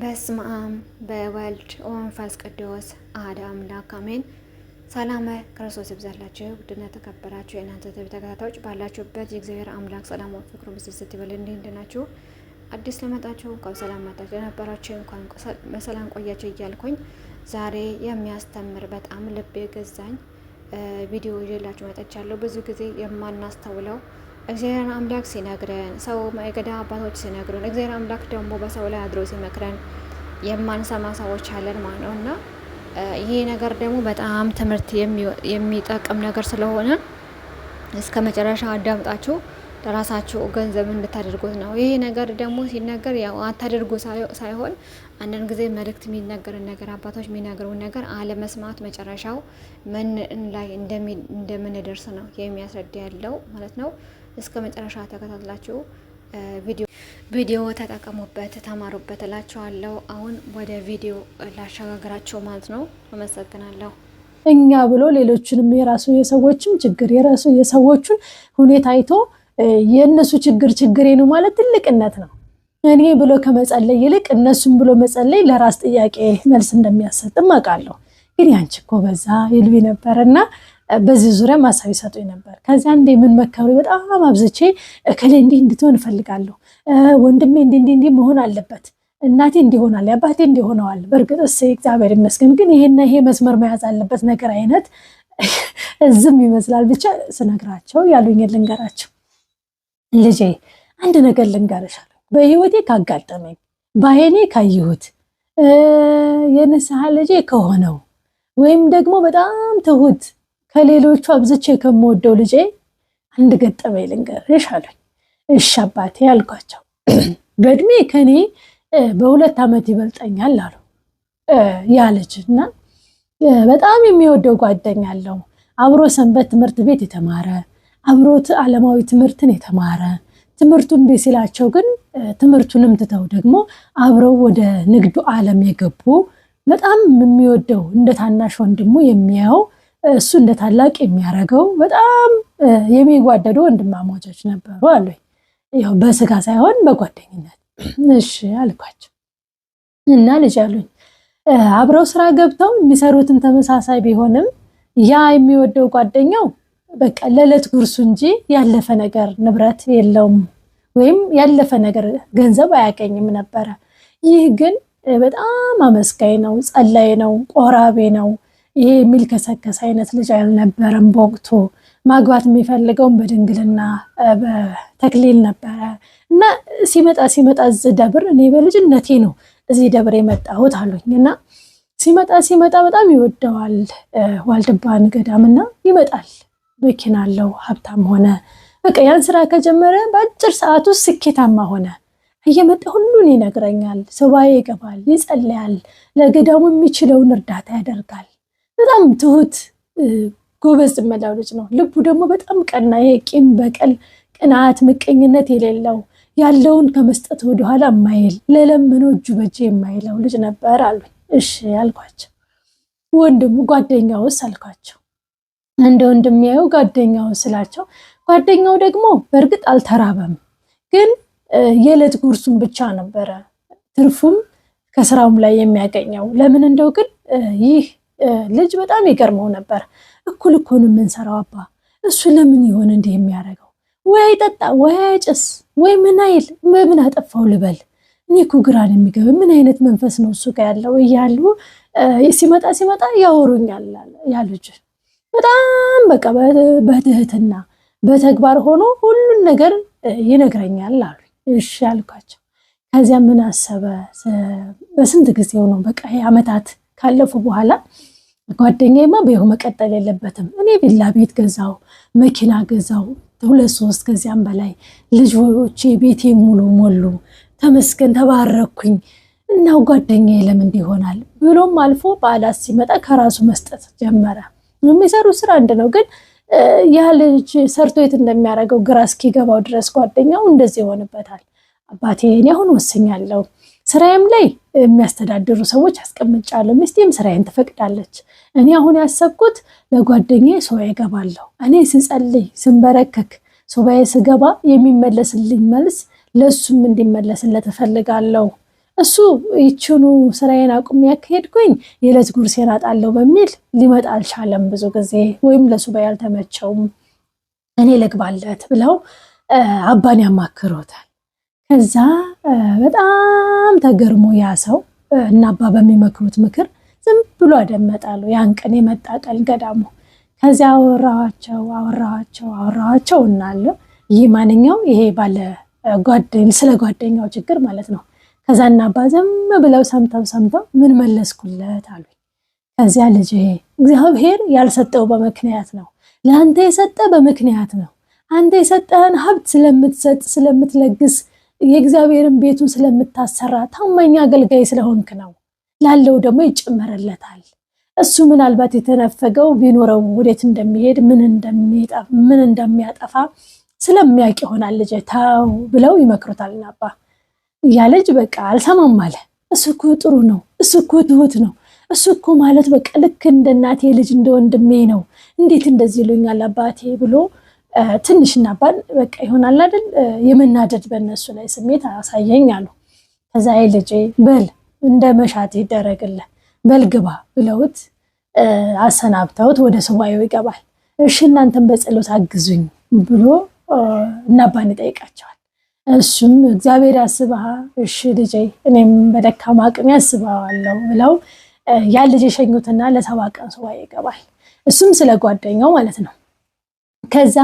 በስመ አብ በወልድ ወመንፈስ ቅዱስ አሐዱ አምላክ አሜን። ሰላም ክርስቶስ ይብዛላችሁ። ውድና ተከበራችሁ የእናንተ ተቢ ተከታታዮች ባላችሁበት የእግዚአብሔር አምላክ ሰላም ፍቅሩ ብስስት ይበል። እንዲህ እንድናችሁ አዲስ ለመጣችሁ እንኳን ሰላም መጣችሁ፣ የነበራችሁ እንኳን በሰላም ቆያችሁ እያልኩኝ ዛሬ የሚያስተምር በጣም ልቤ ገዛኝ ቪዲዮ ይዤላችሁ መጥቻለሁ። ብዙ ጊዜ የማናስተውለው እግዚአብሔር አምላክ ሲነግረን ሰው ማይገዳ አባቶች ሲነግሩን እግዚአብሔር አምላክ ደግሞ በሰው ላይ አድሮ ሲመክረን የማንሰማ ሰዎች አለን ማለት ነው። እና ይሄ ነገር ደግሞ በጣም ትምህርት የሚጠቅም ነገር ስለሆነ እስከ መጨረሻ አዳምጣችሁ ለራሳችሁ ገንዘብ እንድታደርጉት ነው። ይሄ ነገር ደግሞ ሲነገር ያው አታደርጉ ሳይሆን አንዳንድ ጊዜ መልእክት የሚነገርን ነገር አባቶች የሚነግሩን ነገር አለመስማት መጨረሻው ምን ላይ እንደምንደርስ ነው የሚያስረዳ ያለው ማለት ነው። እስከ መጨረሻ ተከታትላችሁ ቪዲዮ ቪዲዮ ተጠቀሙበት፣ ተማሩበት እላችኋለሁ። አሁን ወደ ቪዲዮ ላሸጋግራቸው ማለት ነው። አመሰግናለሁ። እኛ ብሎ ሌሎችንም የራሱ የሰዎችም ችግር የራሱ የሰዎቹን ሁኔታ አይቶ የእነሱ ችግር ችግሬ ነው ማለት ትልቅነት ነው። እኔ ብሎ ከመጸለይ ይልቅ እነሱም ብሎ መጸለይ ለራስ ጥያቄ መልስ እንደሚያሰጥም አውቃለሁ። ግን ያንቺ እኮ በዛ ይልቢ ነበር በዚህ ዙሪያ ማሳብ ይሰጡኝ ነበር። ከዚያ እንደ ምን መከሩ በጣም አብዝቼ እከሌ እንዲህ እንድትሆን እፈልጋለሁ፣ ወንድሜ እንዲህ እንዲህ መሆን አለበት፣ እናቴ እንዲሆናል፣ አባቴ እንዲሆነዋል። በእርግጥ እስ እግዚአብሔር ይመስገን፣ ግን ይሄና ይሄ መስመር መያዝ አለበት ነገር አይነት እዝም ይመስላል። ብቻ ስነግራቸው ያሉኝ ልንገራቸው፣ ልጄ አንድ ነገር ልንገርሻለሁ በህይወቴ ካጋጠመኝ በአይኔ ካየሁት የንስሐ ልጄ ከሆነው ወይም ደግሞ በጣም ትሁት ከሌሎቹ አብዝቼ ከምወደው ልጄ አንድ ገጠመኝ ልንገርሽ አሉኝ። እሺ አባቴ አልኳቸው። በእድሜ ከኔ በሁለት ዓመት ይበልጠኛል አሉ ያ ልጅ እና በጣም የሚወደው ጓደኛ አለው። አብሮ ሰንበት ትምህርት ቤት የተማረ አብሮት ዓለማዊ ትምህርትን የተማረ ትምህርቱን ቤት ሲላቸው ግን ትምህርቱንም ትተው ደግሞ አብረው ወደ ንግዱ ዓለም የገቡ በጣም የሚወደው እንደ ታናሽ ወንድሙ የሚያየው እሱ እንደ ታላቅ የሚያደርገው በጣም የሚጓደዱ ወንድማማቾች ነበሩ አሉኝ። ያው በስጋ ሳይሆን በጓደኝነት እሺ አልኳቸው እና ልጅ አሉኝ። አብረው ስራ ገብተው የሚሰሩትን ተመሳሳይ ቢሆንም ያ የሚወደው ጓደኛው በቃ ለዕለት ጉርሱ እንጂ ያለፈ ነገር ንብረት የለውም ወይም ያለፈ ነገር ገንዘብ አያገኝም ነበረ። ይህ ግን በጣም አመስጋኝ ነው፣ ጸላይ ነው፣ ቆራቤ ነው ይሄ የሚልከሰከስ አይነት ልጅ አልነበረም። በወቅቱ ማግባት የሚፈልገውም በድንግልና በተክሊል ነበረ እና ሲመጣ ሲመጣ እዚህ ደብር እኔ በልጅነቴ ነው እዚህ ደብር የመጣሁት አሉኝ እና ሲመጣ ሲመጣ በጣም ይወደዋል ዋልድባን ገዳምና ይመጣል። መኪና አለው፣ ሀብታም ሆነ። በቃ ያን ስራ ከጀመረ በአጭር ሰዓት ውስጥ ስኬታማ ሆነ። እየመጣ ሁሉን ይነግረኛል። ሱባኤ ይገባል፣ ይጸለያል፣ ለገዳሙ የሚችለውን እርዳታ ያደርጋል። በጣም ትሁት ጎበዝ መላው ልጅ ነው። ልቡ ደግሞ በጣም ቀና፣ የቂም በቀል፣ ቅናት ምቀኝነት የሌለው ያለውን ከመስጠት ወደኋላ የማይል ለለመነው እጁ በእጅ የማይለው ልጅ ነበር አሉ። እሺ አልኳቸው። ወንድሙ ጓደኛውስ አልኳቸው። እንደ ወንድሚያየው ጓደኛው ስላቸው ጓደኛው ደግሞ በእርግጥ አልተራበም፣ ግን የዕለት ጉርሱን ብቻ ነበረ ትርፉም ከስራውም ላይ የሚያገኘው ለምን እንደው ግን ይህ ልጅ በጣም ይገርመው ነበር። እኩል እኮን የምንሰራው አባ፣ እሱ ለምን ይሆን እንዲህ የሚያደርገው? ወይ አይጠጣ ወይ አይጭስ ወይ ምን አይል ምን አጠፋው ልበል? እኔ እኮ ግራን የሚገባ ምን አይነት መንፈስ ነው እሱ ጋር ያለው እያሉ ሲመጣ ሲመጣ ያወሩኛል ያሉች በጣም በቃ በትህትና በተግባር ሆኖ ሁሉን ነገር ይነግረኛል አሉ። እሺ አልኳቸው። ከዚያ ምን አሰበ? በስንት ጊዜው ነው በቃ ዓመታት ካለፉ በኋላ ጓደኛዬማ በይሁ መቀጠል የለበትም። እኔ ቪላ ቤት ገዛው፣ መኪና ገዛው፣ ሁለት ሶስት ከዚያም በላይ ልጆቼ ቤቴ ሙሉ ሞሉ፣ ተመስገን ተባረኩኝ። እናው ጓደኛዬ ለምን ይሆናል ብሎም አልፎ በዓላት ሲመጣ ከራሱ መስጠት ጀመረ። የሚሰሩ ስራ አንድ ነው፣ ግን ያ ልጅ ሰርቶ የት እንደሚያደርገው ግራ እስኪገባው ድረስ ጓደኛው እንደዚህ ይሆንበታል። አባቴ እኔ አሁን ወስኛለሁ ስራዬም ላይ የሚያስተዳድሩ ሰዎች አስቀምጫለሁ። ሚስቴም ስራዬን ትፈቅዳለች። እኔ አሁን ያሰብኩት ለጓደኛዬ ሱባኤ እገባለሁ። እኔ ስጸልይ ስንበረከክ ሱባኤ ስገባ የሚመለስልኝ መልስ ለእሱም እንዲመለስለት እፈልጋለሁ። እሱ ይችኑ ስራዬን አቁሜ ያካሄድኩኝ የዕለት ጉርሴን አጣለሁ በሚል ሊመጣ አልቻለም። ብዙ ጊዜ ወይም ለሱባኤ አልተመቸውም። እኔ ልግባለት ብለው አባን ያማክሮታል። ከዛ በጣም ተገርሞ ያ ሰው እና አባ በሚመክሩት ምክር ዝም ብሎ አደመጣሉ። ያን ቀን የመጣ ቀን ገዳሙ ከዚያ አወራኋቸው አወራኋቸው አወራኋቸው እናለው። ይህ ማንኛው ይሄ ባለ ስለ ጓደኛው ችግር ማለት ነው። ከዛ እና አባ ዝም ብለው ሰምተው ሰምተው ምን መለስኩለት አሉ። ከዚያ ልጅ እግዚአብሔር ያልሰጠው በምክንያት ነው፣ ለአንተ የሰጠ በምክንያት ነው። አንተ የሰጠህን ሀብት ስለምትሰጥ ስለምትለግስ የእግዚአብሔርን ቤቱን ስለምታሰራ ታማኝ አገልጋይ ስለሆንክ ነው። ላለው ደግሞ ይጨመረለታል። እሱ ምናልባት የተነፈገው ቢኖረው ወዴት እንደሚሄድ ምን እንደሚያጠፋ ስለሚያውቅ ይሆናል። ልጅ ተው ብለው ይመክሩታል። ናባ ያ ልጅ በቃ አልሰማም አለ። እሱ እኮ ጥሩ ነው፣ እሱ እኮ ትሁት ነው፣ እሱ እኮ ማለት በቃ ልክ እንደ እናቴ ልጅ እንደ ወንድሜ ነው፣ እንዴት እንደዚህ ይሉኛል አባቴ ብሎ ትንሽ እናባል በቃ ይሆናል አይደል የመናደድ በእነሱ ላይ ስሜት አሳየኝ አሉ። ከዛ ይ ልጄ በል እንደ መሻት ይደረግልህ በል ግባ ብለውት አሰናብተውት ወደ ሱባኤው ይገባል። እሺ እናንተን በጸሎት አግዙኝ ብሎ እናባን ይጠይቃቸዋል። እሱም እግዚአብሔር ያስብሃ፣ እሺ ልጄ እኔም በደካማ አቅም ያስበዋለሁ ብለው ያ ልጅ የሸኙትና ለሰባ ቀን ሱባኤ ይገባል። እሱም ስለ ጓደኛው ማለት ነው ከዛ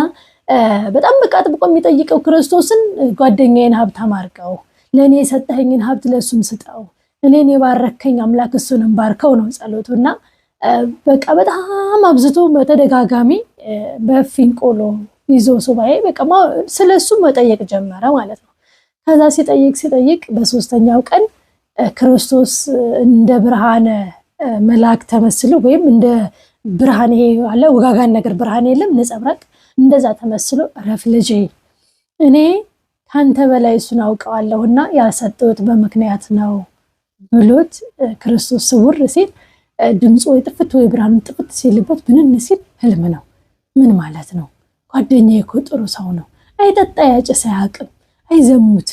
በጣም በቃ አጥብቆ የሚጠይቀው ክርስቶስን ጓደኛዬን ሀብታም አድርገው ለእኔ የሰጠኸኝን ሀብት ለእሱም ስጠው፣ እኔን የባረከኝ አምላክ እሱንም ባርከው ነው ጸሎቱ እና በቃ በጣም አብዝቶ በተደጋጋሚ በፊንቆሎ ይዞ ሱባኤ በቃ ስለ እሱም መጠየቅ ጀመረ ማለት ነው። ከዛ ሲጠይቅ ሲጠይቅ በሶስተኛው ቀን ክርስቶስ እንደ ብርሃነ መልአክ ተመስሎ ወይም እንደ ብርሃን ይሄ አለ ወጋጋን ነገር ብርሃን የለም ነጸብራቅ እንደዛ ተመስሎ እረፍ ልጄ፣ እኔ ካንተ በላይ እሱን አውቀዋለሁና ያሰጠሁት በምክንያት ነው ብሎት ክርስቶስ ስውር ሲል ድምፁ ጥፍት ወይ ብርሃኑ ጥፍት ሲልበት ብንን ሲል ህልም ነው። ምን ማለት ነው? ጓደኛ እኮ ጥሩ ሰው ነው። አይጠጣ ያጭስ አያውቅም፣ አይዘሙት።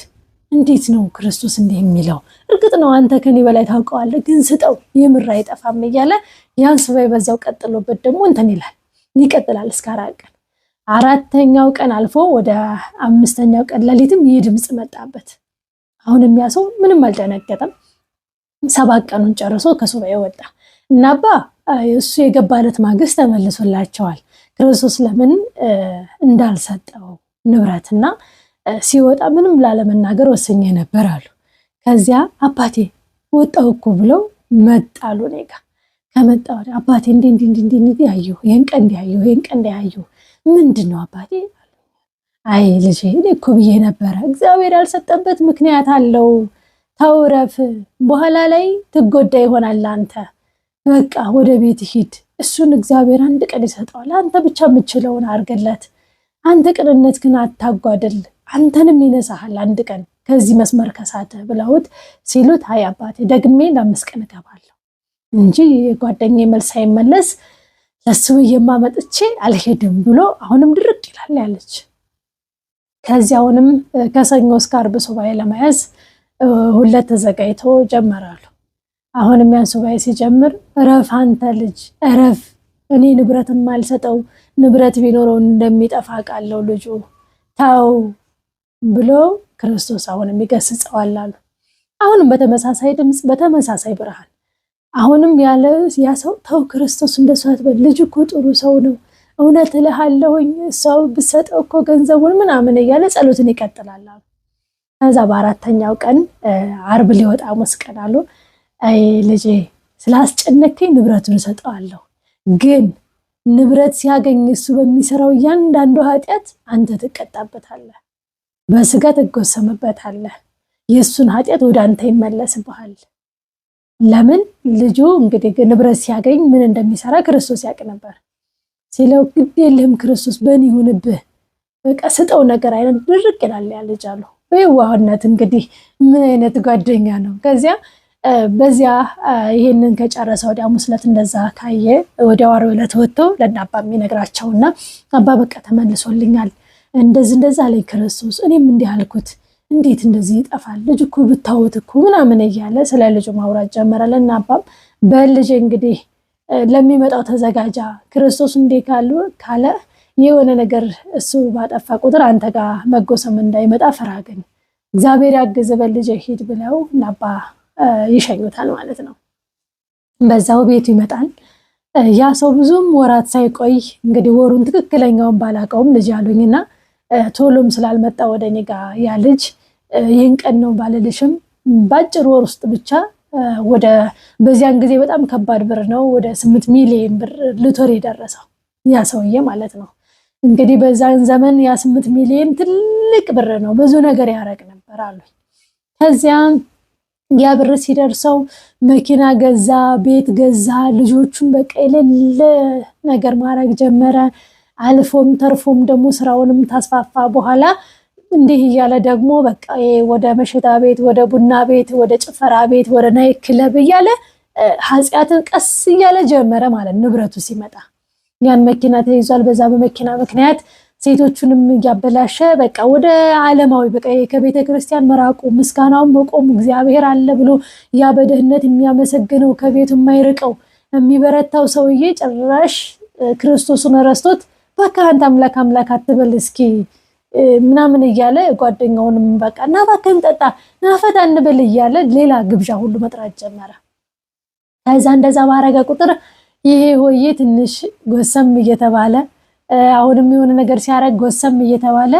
እንዴት ነው ክርስቶስ እንዲህ የሚለው? እርግጥ ነው አንተ ከኔ በላይ ታውቀዋለህ፣ ግን ስጠው፣ የምር አይጠፋም እያለ ያን ስባ በዛው ቀጥሎበት ደግሞ እንትን ይላል ይቀጥላል እስከ አራት ቀን አራተኛው ቀን አልፎ ወደ አምስተኛው ቀን ሌሊትም ይህ ድምፅ መጣበት። አሁን ያ ሰው ምንም አልደነገጠም። ሰባት ቀኑን ጨርሶ ከሱባኤ ወጣ እና አባ እሱ የገባለት ማግስት ተመልሶላቸዋል። ክርስቶስ ለምን እንዳልሰጠው ንብረትና ሲወጣ ምንም ላለመናገር ወሰኜ ነበር አሉ። ከዚያ አባቴ ወጣው እኮ ብለው መጣሉ እኔ ጋ ከመጣ አባቴ እንዲህ እንዲህ እንዲህ ያየሁ ይህን ቀን እንዲህ ያየሁ ይህን ቀን እንዲህ ያየሁ ምንድን ነው አባቴ? አይ ልጅ እኮ ብዬ ነበረ። እግዚአብሔር ያልሰጠበት ምክንያት አለው። ተውረፍ፣ በኋላ ላይ ትጎዳ ይሆናል። አንተ በቃ ወደ ቤት ሂድ። እሱን እግዚአብሔር አንድ ቀን ይሰጠዋል። አንተ ብቻ የምችለውን አድርግለት። አንተ ቅንነት ግን አታጓድል፣ አንተንም ይነሳሃል አንድ ቀን ከዚህ መስመር ከሳተ ብለውት ሲሉት፣ አይ አባቴ ደግሜ ለአምስት ቀን እገባለሁ እንጂ የጓደኛ መልስ ሳይመለስ ለሱ የማመጥቼ አልሄድም ብሎ አሁንም ድርቅ ይላል ያለች። ከዚህ አሁንም ከሰኞ እስከ አርብ ሱባኤ ለመያዝ ሁለት ተዘጋጅቶ ጀመራሉ። አሁንም ያን ሱባኤ ሲጀምር እረፍ አንተ ልጅ እረፍ፣ እኔ ንብረት የማልሰጠው ንብረት ቢኖረው እንደሚጠፋ ቃለው ልጁ ተው ብሎ ክርስቶስ አሁንም ይገስጸዋል አሉ። አሁንም በተመሳሳይ ድምፅ በተመሳሳይ ብርሃን አሁንም ያለ ያ ሰው ተው ክርስቶስ እንደሱ አትበል፣ ልጅ እኮ ጥሩ ሰው ነው፣ እውነት እልሃለሁኝ ሰው ብሰጠው እኮ ገንዘቡን ምናምን እያለ ጸሎትን ይቀጥላል አሉ። ከዛ በአራተኛው ቀን አርብ ሊወጣ ሐሙስ አሉ። አይ ልጄ ስላስጨነከኝ ንብረቱን እሰጠዋለሁ፣ ግን ንብረት ሲያገኝ እሱ በሚሰራው እያንዳንዱ ኃጢአት አንተ ትቀጣበታለህ፣ በስጋ ትጎሰምበታለህ፣ የእሱን ኃጢአት ወደ አንተ ይመለስብሃል። ለምን ልጁ እንግዲህ ንብረት ሲያገኝ ምን እንደሚሰራ ክርስቶስ ያውቅ ነበር። ሲለው ግድ የለህም ክርስቶስ በእኔ ይሁንብህ፣ በቃ ስጠው ነገር አይነት ድርቅ ይላል ያ ልጅ አሉ። በየዋህነት እንግዲህ ምን አይነት ጓደኛ ነው። ከዚያ በዚያ ይሄንን ከጨረሰ ወዲያ ሙስለት እንደዛ ካየ ወዲያ ዓርብ ዕለት ወጥቶ ለእነ አባ አባ በቃ ተመልሶልኛል እንደዚህ እንደዛ ላይ ክርስቶስ እኔም እንዲህ አልኩት እንዴት እንደዚህ ይጠፋል? ልጅ እኮ ብታወት እኮ ምናምን እያለ ስለ ልጁ ማውራት ጀመራል። እና አባም በልጅ እንግዲህ ለሚመጣው ተዘጋጃ ክርስቶስ እንዴ ካሉ ካለ የሆነ ነገር እሱ ባጠፋ ቁጥር አንተ ጋር መጎሰም እንዳይመጣ ፍራ፣ ግን እግዚአብሔር ያግዝ በልጅ ሂድ ብለው ናባ ይሸኙታል ማለት ነው። በዛው ቤቱ ይመጣል። ያ ሰው ብዙም ወራት ሳይቆይ እንግዲህ ወሩን ትክክለኛውን ባላቀውም ልጅ አሉኝና ቶሎም ስላልመጣ ወደ እኔ ጋ ያ ልጅ ይህን ቀን ነው ባልልሽም በአጭር ወር ውስጥ ብቻ ወደ በዚያን ጊዜ በጣም ከባድ ብር ነው ወደ ስምንት ሚሊዮን ብር ልቶር የደረሰው ያ ሰውዬ ማለት ነው። እንግዲህ በዛን ዘመን ያ ስምንት ሚሊዮን ትልቅ ብር ነው። ብዙ ነገር ያደረግ ነበር አሉ። ከዚያ ያ ብር ሲደርሰው መኪና ገዛ፣ ቤት ገዛ፣ ልጆቹን በቃ የሌለ ነገር ማድረግ ጀመረ። አልፎም ተርፎም ደግሞ ስራውንም ታስፋፋ በኋላ እንዲህ እያለ ደግሞ በቃ ወደ መሸታ ቤት፣ ወደ ቡና ቤት፣ ወደ ጭፈራ ቤት፣ ወደ ናይ ክለብ እያለ ኃጢአትን ቀስ እያለ ጀመረ ማለት ንብረቱ ሲመጣ ያን መኪና ተይዟል። በዛ በመኪና ምክንያት ሴቶቹንም እያበላሸ በቃ ወደ ዓለማዊ በቃ ከቤተ ክርስቲያን መራቁ ምስጋናውን መቆም እግዚአብሔር አለ ብሎ ያ በደህንነት የሚያመሰግነው ከቤቱ የማይርቀው የሚበረታው ሰውዬ ጭራሽ ክርስቶስን ረስቶት በቃ አንተ አምላክ አምላክ አትበል እስኪ ምናምን እያለ ጓደኛውንም በቃ እና እባክህን ጠጣ ናፈታ እንብል እያለ ሌላ ግብዣ ሁሉ መጥራት ጀመረ። ከዛ እንደዛ ባረገ ቁጥር ይሄ ሆዬ ትንሽ ጎሰም እየተባለ አሁንም የሆነ ነገር ሲያረግ ጎሰም እየተባለ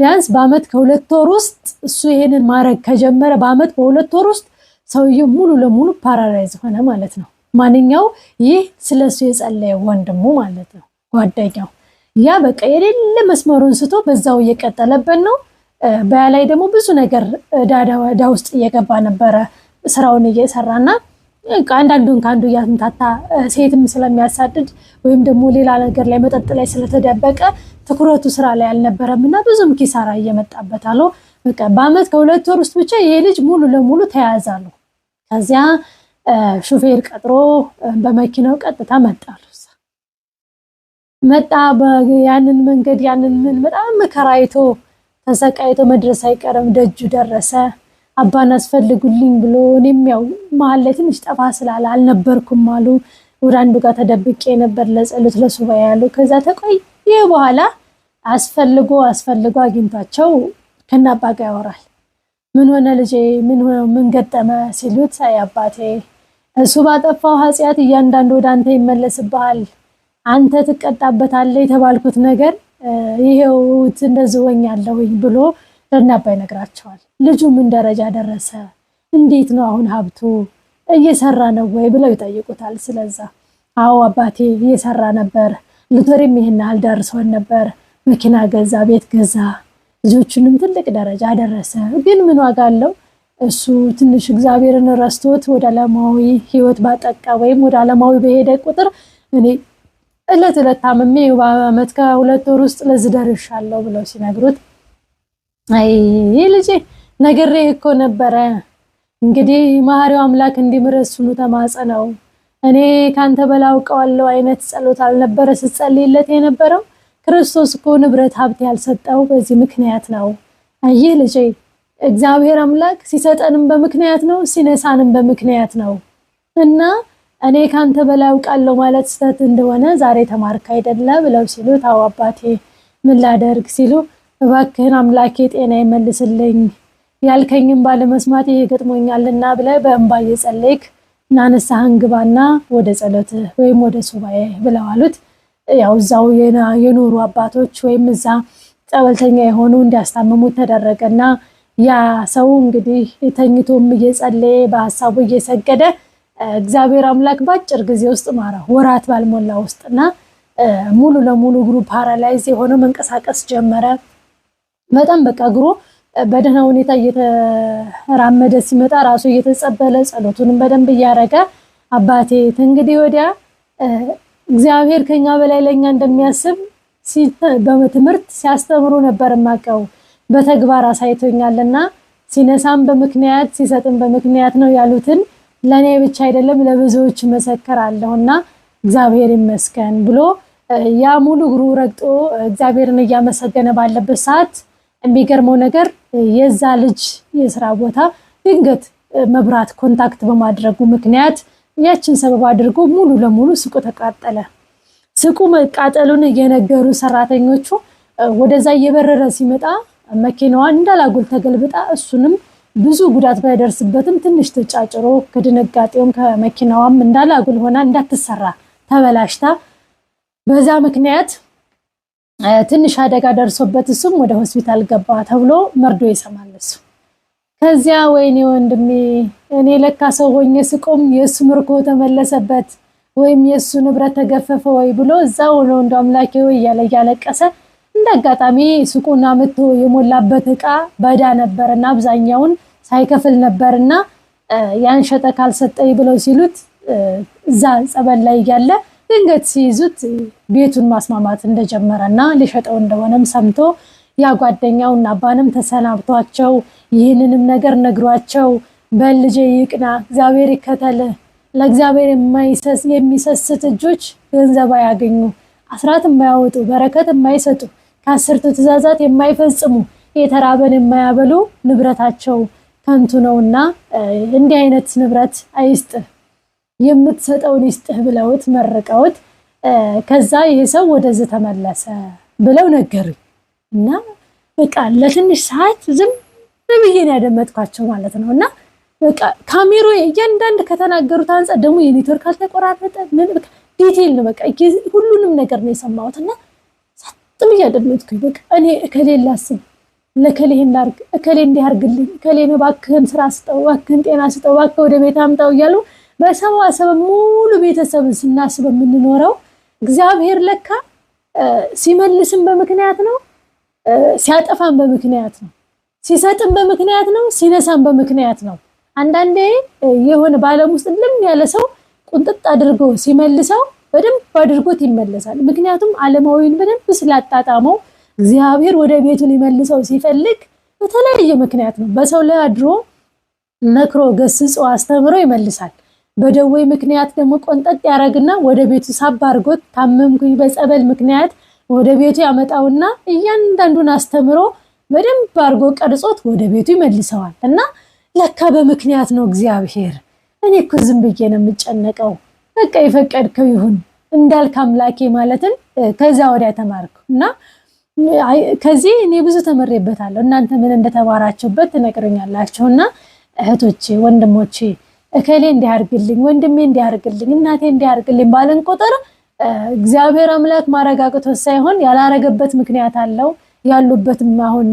ቢያንስ በአመት ከሁለት ወር ውስጥ እሱ ይሄንን ማድረግ ከጀመረ በአመት በሁለት ወር ውስጥ ሰውየው ሙሉ ለሙሉ ፓራላይዝ ሆነ ማለት ነው። ማንኛው ይህ ስለሱ የጸለየ ወንድሙ ማለት ነው ጓደኛው ያ በቃ የሌለ መስመሩን ስቶ በዛው እየቀጠለበት ነው። በያ ላይ ደግሞ ብዙ ነገር ዳዳ ውስጥ እየገባ ነበረ ስራውን እየሰራና አንዳንዱን ከአንዱ እያምታታ ሴትም ስለሚያሳድድ ወይም ደግሞ ሌላ ነገር ላይ መጠጥ ላይ ስለተደበቀ ትኩረቱ ስራ ላይ አልነበረም እና ብዙም ኪሳራ እየመጣበት አለው። በቃ በአመት ከሁለት ወር ውስጥ ብቻ ይሄ ልጅ ሙሉ ለሙሉ ተያያዛሉ። ከዚያ ሹፌር ቀጥሮ በመኪናው ቀጥታ መጣሉ። መጣ ያንን መንገድ ያንን ምን በጣም መከራ አይቶ ተሰቃይቶ መድረስ አይቀርም ደጁ ደረሰ። አባን አስፈልጉልኝ ብሎ እኔም ያው መሀል ላይ ትንሽ ጠፋ ስላለ አልነበርኩም አሉ። ወደ አንዱ ጋር ተደብቄ ነበር ለጸሎት ለሱባ ያሉ። ከዛ ተቆየ በኋላ አስፈልጎ አስፈልጎ አግኝቷቸው ከናባ ጋር ያወራል። ምን ሆነ ልጄ፣ ምን ምን ገጠመ ሲሉት፣ አይ አባቴ እሱ ባጠፋው ኃጢአት እያንዳንዱ ወደ አንተ ይመለስብሃል አንተ ትቀጣበታለህ የተባልኩት ነገር ይሄውት እንደዚህ ሆኛለሁኝ ብሎ አባይ ይነግራቸዋል። ልጁ ምን ደረጃ ደረሰ? እንዴት ነው አሁን ሀብቱ እየሰራ ነው ወይ ብለው ይጠይቁታል። ስለዛ አዎ አባቴ እየሰራ ነበር፣ ሎተሪም ይህን ያህል ደርሶን ነበር፣ መኪና ገዛ፣ ቤት ገዛ፣ ልጆቹንም ትልቅ ደረጃ ደረሰ። ግን ምን ዋጋ አለው? እሱ ትንሽ እግዚአብሔርን ረስቶት ወደ ዓለማዊ ህይወት ባጠቃ ወይም ወደ ዓለማዊ በሄደ ቁጥር እኔ እለት እለት ታምሜ በአመት ከሁለት ወር ውስጥ ለዚህ ደርሻለሁ ብለው ሲነግሩት አይ ልጄ ነገሬ እኮ ነበረ። እንግዲህ መሐሪው አምላክ እንዲምረሱኑ ነው። እኔ ካንተ በላይ አውቀዋለሁ አይነት ጸሎት አልነበረ ስጸልይለት የነበረው። ክርስቶስ እኮ ንብረት ሀብት ያልሰጠው በዚህ ምክንያት ነው። አየህ ልጄ እግዚአብሔር አምላክ ሲሰጠንም በምክንያት ነው፣ ሲነሳንም በምክንያት ነው እና እኔ ካንተ በላይ አውቃለሁ ማለት ስህተት እንደሆነ ዛሬ ተማርክ አይደለ ብለው ሲሉ አዎ አባቴ ምን ላደርግ ሲሉ፣ እባክህን አምላኬ ጤና ይመልስልኝ ያልከኝም ባለመስማት ይሄ ገጥሞኛልና ብለ በእንባ እየጸለይክ ናነሳህን ግባና ወደ ጸሎት ወይም ወደ ሱባኤ ብለው አሉት። ያው እዛው የኖሩ አባቶች ወይም እዛ ጸበልተኛ የሆኑ እንዲያስታምሙት ተደረገና ያ ሰው እንግዲህ ተኝቶም እየጸለየ በሀሳቡ እየሰገደ እግዚአብሔር አምላክ በአጭር ጊዜ ውስጥ ማራ ወራት ባልሞላ ውስጥና ሙሉ ለሙሉ እግሩ ፓራላይዝ የሆነ መንቀሳቀስ ጀመረ። በጣም በቃ እግሩ በደህና ሁኔታ እየተራመደ ሲመጣ ራሱ እየተጸበለ ጸሎቱንም በደንብ እያረገ አባቴ እንግዲህ ወዲያ እግዚአብሔር ከኛ በላይ ለኛ እንደሚያስብ በትምህርት ሲያስተምሩ ነበር የማውቀው በተግባር አሳይቶኛልና ሲነሳም በምክንያት ሲሰጥም በምክንያት ነው ያሉትን ለእኔ ብቻ አይደለም ለብዙዎች መሰከር አለሁና እግዚአብሔር ይመስገን ብሎ ያ ሙሉ እግሩ ረግጦ እግዚአብሔርን እያመሰገነ ባለበት ሰዓት የሚገርመው ነገር የዛ ልጅ የስራ ቦታ ድንገት መብራት ኮንታክት በማድረጉ ምክንያት ያችን ሰበብ አድርጎ ሙሉ ለሙሉ ሱቁ ተቃጠለ። ሱቁ መቃጠሉን የነገሩ ሰራተኞቹ ወደዛ እየበረረ ሲመጣ መኪናዋን እንዳላጎል ተገልብጣ እሱንም ብዙ ጉዳት ባይደርስበትም ትንሽ ተጫጭሮ ከድንጋጤውም ከመኪናዋም እንዳላጉል ሆና እንዳትሰራ ተበላሽታ በዛ ምክንያት ትንሽ አደጋ ደርሶበት እሱም ወደ ሆስፒታል ገባ ተብሎ መርዶ ይሰማል እሱ። ከዚያ ወይኔ ወንድሜ እኔ ለካ ሰው ሆኜ ስቆም የእሱ ምርኮ ተመለሰበት ወይም የእሱ ንብረት ተገፈፈ ወይ ብሎ እዛ ሆኖ እንደ አምላኬ ወይ እያለ እያለቀሰ እንደ አጋጣሚ ሱቁና ምቶ የሞላበት እቃ በዳ ነበርና አብዛኛውን ሳይከፍል ነበርና ያን ሸጠ ካልሰጠኝ ብለው ሲሉት እዛ ጸበል ላይ እያለ ድንገት ሲይዙት ቤቱን ማስማማት እንደጀመረና ሊሸጠው እንደሆነም ሰምቶ ያ ጓደኛውና አባንም ተሰናብቷቸው ይህንንም ነገር ነግሯቸው በልጄ ይቅና፣ እግዚአብሔር ይከተል፣ ለእግዚአብሔር የሚሰስት እጆች ገንዘብ አያገኙ፣ አስራት የማያወጡ፣ በረከት የማይሰጡ ከአስርቱ ትእዛዛት የማይፈጽሙ የተራበን የማያበሉ ንብረታቸው ከንቱ ነውና እንዲህ አይነት ንብረት አይስጥህ፣ የምትሰጠውን ይስጥህ ብለውት መርቀውት፣ ከዛ ይሄ ሰው ወደዚህ ተመለሰ ብለው ነገሩኝ እና በቃ ለትንሽ ሰዓት ዝም ብዬ ያደመጥኳቸው ማለት ነው እና በቃ ካሜሮ እያንዳንድ ከተናገሩት አንጻር ደግሞ የኔትወርክ አልተቆራረጠ ምን ዲቴይል ነው በቃ ሁሉንም ነገር ነው የሰማሁት እና ጥም እያደመጥኩኝ በቃ እኔ እከሌን ላስብ ለከሌ እናርግ፣ እከሌ እንዲያርግልኝ፣ እከሌ እከሌን እባክህን ስራ ስጠው፣ እባክህን ጤና ስጠው፣ እባክህ ወደ ቤት አምጣው እያሉ በሰባሰበ ሙሉ ቤተሰብ ስናስብ የምንኖረው እግዚአብሔር ለካ ሲመልስም በምክንያት ነው፣ ሲያጠፋም በምክንያት ነው፣ ሲሰጥም በምክንያት ነው፣ ሲነሳም በምክንያት ነው። አንዳንዴ የሆነ በዓለም ውስጥ ልም ያለ ሰው ቁንጥጥ አድርገው ሲመልሰው በደንብ አድርጎት ይመለሳል። ምክንያቱም አለማዊን በደንብ ስላጣጣመው እግዚአብሔር ወደ ቤቱ ሊመልሰው ሲፈልግ በተለያየ ምክንያት ነው። በሰው ላይ አድሮ መክሮ ገስጾ አስተምሮ ይመልሳል። በደዌ ምክንያት ደግሞ ቆንጠጥ ያደረግና ወደ ቤቱ ሳብ አድርጎት ታመምኩኝ በጸበል ምክንያት ወደ ቤቱ ያመጣውና እያንዳንዱን አስተምሮ በደንብ አድርጎ ቀርጾት ወደ ቤቱ ይመልሰዋል። እና ለካ በምክንያት ነው እግዚአብሔር። እኔ እኮ ዝም ብዬ ነው የምጨነቀው በቃ የፈቀድከው ይሁን እንዳልክ አምላኬ ማለትን ከዛ ወዲያ ተማርኩ እና ከዚህ እኔ ብዙ ተመሬበታለሁ። እናንተ ምን እንደተማራችሁበት ትነግረኛላችሁ። እና እህቶቼ፣ ወንድሞቼ እከሌ እንዲያርግልኝ፣ ወንድሜ እንዲያርግልኝ፣ እናቴ እንዲያርግልኝ ባለን ቁጥር እግዚአብሔር አምላክ ማረጋገጦ ሳይሆን ያላረገበት ምክንያት አለው። ያሉበትም አሁን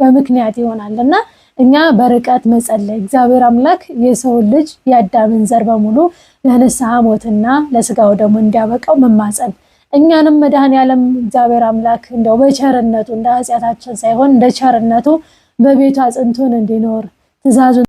በምክንያት ይሆናል እና እኛ በርቀት መጸለይ እግዚአብሔር አምላክ የሰውን ልጅ የአዳምን ዘር በሙሉ ለንስሐ ሞትና ለስጋው ደግሞ እንዲያበቃው መማፀን እኛንም መድኃኔ ያለም እግዚአብሔር አምላክ እንደው በቸርነቱ እንደ ኃጢአታችን ሳይሆን እንደ ቸርነቱ በቤቱ አጽንቶን እንዲኖር ትእዛዙን